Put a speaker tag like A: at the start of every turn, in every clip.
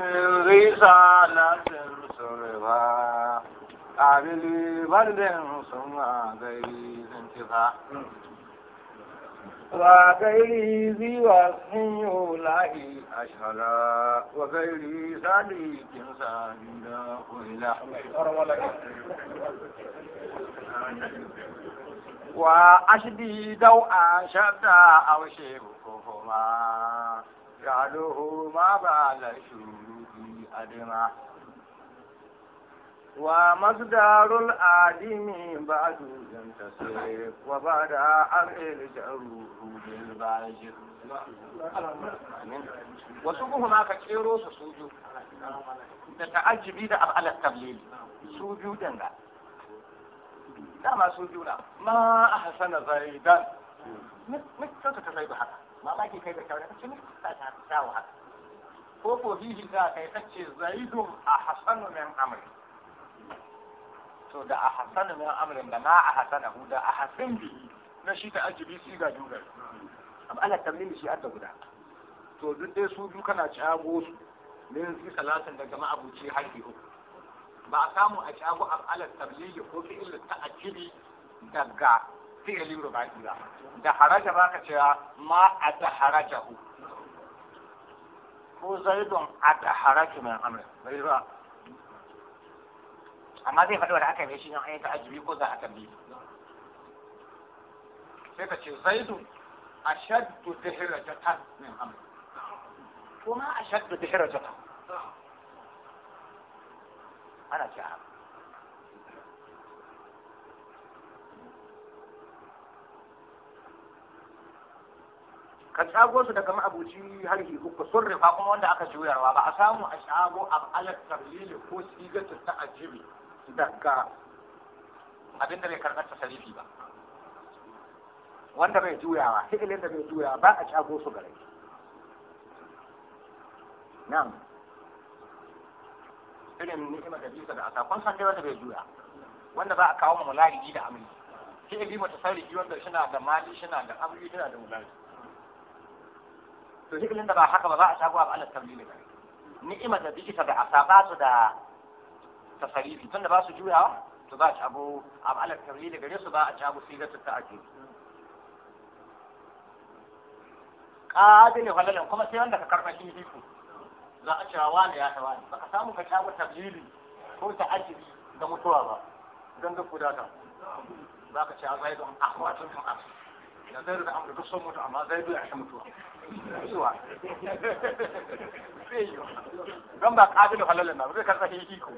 A: رسالة سرها قابل برد ثم غير انتفاع وغير ذي وصف يولعي أشهلا وغير صديق سعيدا قيلا وأشدي دوءا شبدا أو شيبكهما جعله ما بعد شوما أدمى ومقدار الآدم بعد ينتصر وبعد أرئل جعله بالباجر وسوقهما كثير سوجو تتعجبي ده على التبليل سوجو دنگا dama su biyu na ma a hasana zaidan mun kyautata zaidu haka mamaki kai da da ko ko fihi za ka yi tace zaidun a hasanu min amri to da a hasanu min amri da na a hasana hu da a hasan bi na shi ta ajibi ga jugar amma Allah tamlimi shi ta guda to duk dai su biyu kana cago su min fi salatin daga ma'abuci haƙi uku ba a samu a cago af'alar tablili ko fi'il ajibi daga fi'ilin rubaki ba da haraja ba ka cewa ma a da harajahu. ko zaidun a da haraki mai amrin bai ba amma zai faɗi wanda aka yi shi don ayyuka ajiyu ko za a tambayi sai ka ce zaidun a shaddu da hirajata mai amrin kuma a shaddu da hirajata ana ce haka ka tsago su daga ma'abuci harhi uku sun rufa kuma wanda aka juyarwa ba a samu a shago a alar tarlili ko sigatu ta ajibi daga abin da bai karɓar ta sarifi ba wanda bai juyawa hikilin da bai juyawa ba a shago su gare nan irin ni'ima da bisa da asa kun san dai wanda bai juya wanda ba a kawo mu mulari da amri fi'ili mutasarrifi wanda shi na da mali shi na da amri shi na da mulari to hibilin da ba haka ba za a shago a Allah tamlili ba ni'ima da dijita da asaba su da tasarifi tun da ba su juyawa to ba a shago a Allah tamlili gare su ba a shago da ta aji kadin halalin kuma sai wanda ka karba shi hiku za a cewa wani ya tawa ba ka samu ka shago tablili ko ta aji da mutuwa ba don duk gudata za ka a zai don akwatun kan asu da zai da amurka son mutu amma zai biya shi mutuwa yiwa yi yiwa don ba ƙafin ƙabilin halalin na zai karɓa shi iko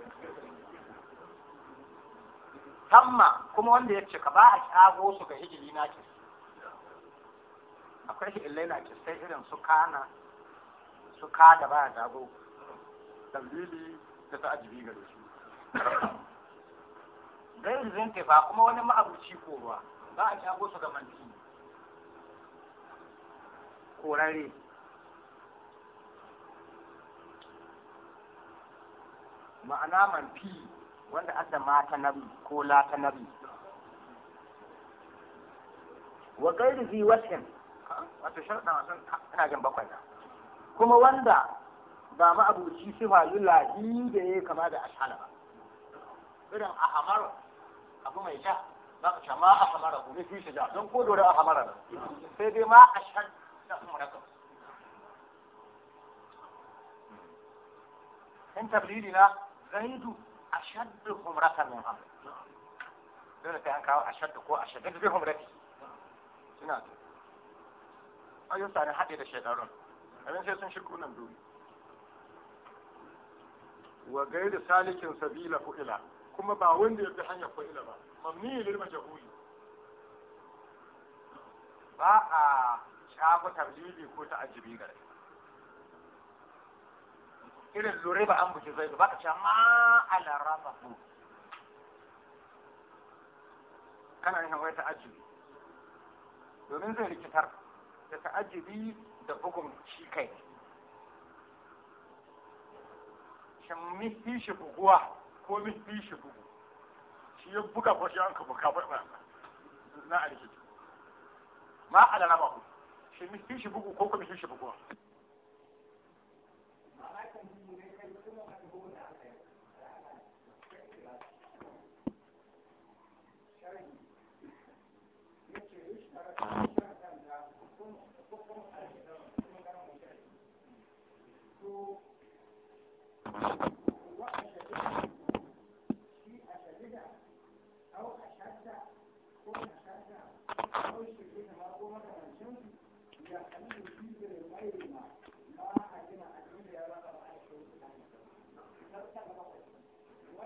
A: tamma kuma wanda ya ce ka ba a ƙago su ga hijili na ke. akwai hijilai na ke sai irin su kana su ka da ba a ƙago dalili da ta ajibi gare su Zai zinke ba kuma wani ma'abuci ko ruwa Ba a ƙago su ga mantini korare ma'ana man fi wanda adda mata nabi ko lata nabi wa gairu zi wasin wato sharɗa wasan ana jan bakwai na kuma wanda ba ma abuci sifa yulahi da ya kama da ashala ba irin ahamar abu mai sha ba ka ce ma ahamara ku ne fi shi ja don ko dore ahamara sai dai ma ashal رقم in tablidi na zaidu a shaddu humrata min ham dole sai an kawo a shaddu ko a shaddu zai humrati suna to ayyun sani haɗe da abin sai sun shirku nan dole wa salikin sabila fu'ila kuma ba wanda ya fi hanyar fu'ila ba mamni ba a shago tablili ko ta ajibi rai irin lure ba an buke zai ba ka ce ma ala rafa ku kana yin wai ta ajibi domin zai rikitar da ta ajibi da bugun shi kai shin mihi shi buguwa ko mihi shi bugu shi ya buga ko shi an ka buga ba na a rikici ma ala rafa ku shi shi bugu ko kuma shi shi buguwa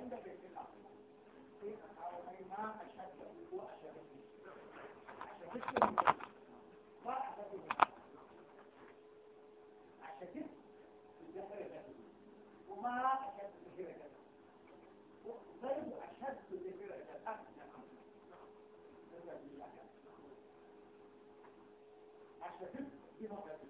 A: عند بيت العقيدة كيف حوالينا أشد وأشد أشد وأشد أشد الزهرة وما أشد الزهرة وضرب أشد الزهرة أكثر أشد بمقدس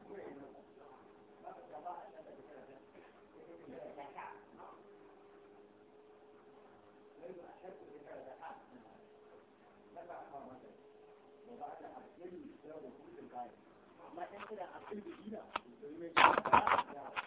A: amma ɗan kada a kan da ba da yi mai